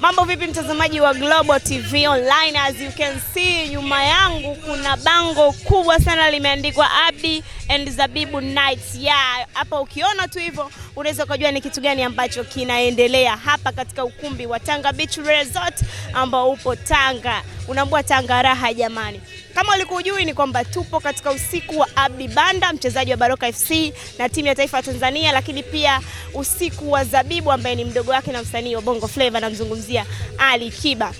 Mambo vipi mtazamaji wa Global TV Online, as you can see nyuma yangu kuna bango kubwa sana limeandikwa Abdi and Zabibu Nights. Yeah, hapa ukiona tu hivyo unaweza ukajua ni kitu gani ambacho kinaendelea hapa katika ukumbi wa Tanga Beach Resort ambao upo Tanga. Unaambua Tanga raha jamani. Kama ulikujui ni kwamba tupo katika usiku wa Abdi Banda, mchezaji wa Baroka FC na timu ya taifa ya Tanzania, lakini pia usiku wa Zabibu ambaye ni mdogo wake na msanii wa Bongo Flava, namzungumzia Ali Kiba.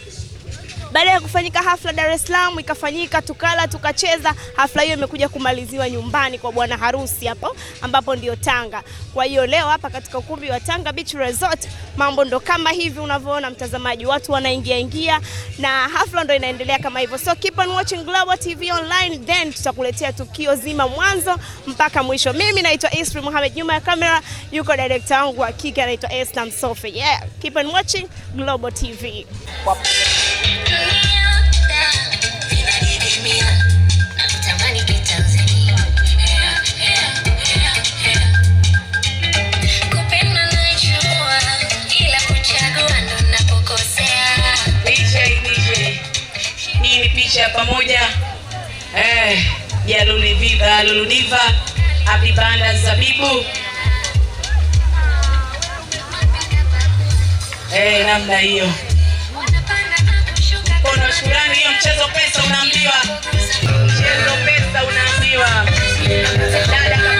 Baada ya kufanyika hafla Dar es Salaam, ikafanyika tukala, tukacheza. Hafla hiyo imekuja kumaliziwa nyumbani kwa bwana harusi hapo ambapo ndio Tanga. Kwa hiyo leo hapa katika ukumbi wa Tanga Beach Resort mambo ndo kama hivi unavyoona mtazamaji, watu wanaingia ingia na hafla ndo inaendelea kama hivyo, so keep on watching Global TV Online, then tutakuletea tukio zima mwanzo mpaka mwisho. Mimi naitwa Isri Mohamed, nyuma ya kamera yuko director wangu wa kike anaitwa Esther Msofe. Yeah, keep on watching Global TV. Luludiva Banda Zabibu eh, namna hiyo mkono shukrani hiyo. Mchezo pesa unaambiwa, mchezo pesa unaambiwa dada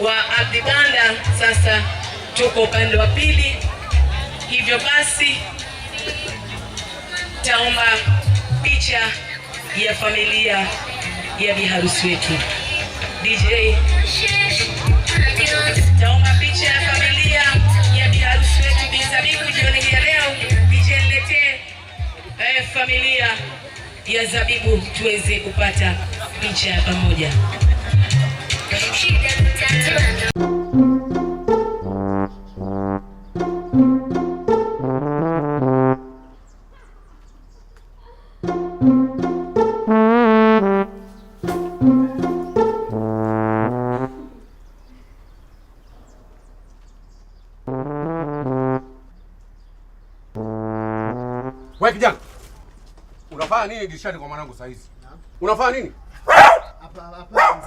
wa ardhi banda, sasa tuko upande wa pili. Hivyo basi taomba picha ya familia ya biharusi wetu. DJ, taomba picha ya familia ya biharusi wetu Bizabiku jioni hii leo. DJ, niletee eh, familia ya Zabibu tuweze kupata picha ya pamoja. Wewe kijana, unafanya nini dirishani kwa mwanangu saa hizi? Unafanya nini?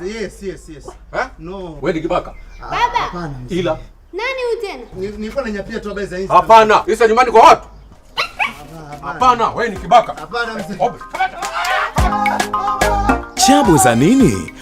Yes, yes, yes. Ha? Eh? No. Wewe ni kibaka. Ah, Baba. Hapana. Ila. Nani huyu tena? Nilikuwa nanyapia tu za Insta. Hapana. Insta nyumbani kwa watu. Hapana, wewe ni kibaka. Hapana mzee. Chabu za nini?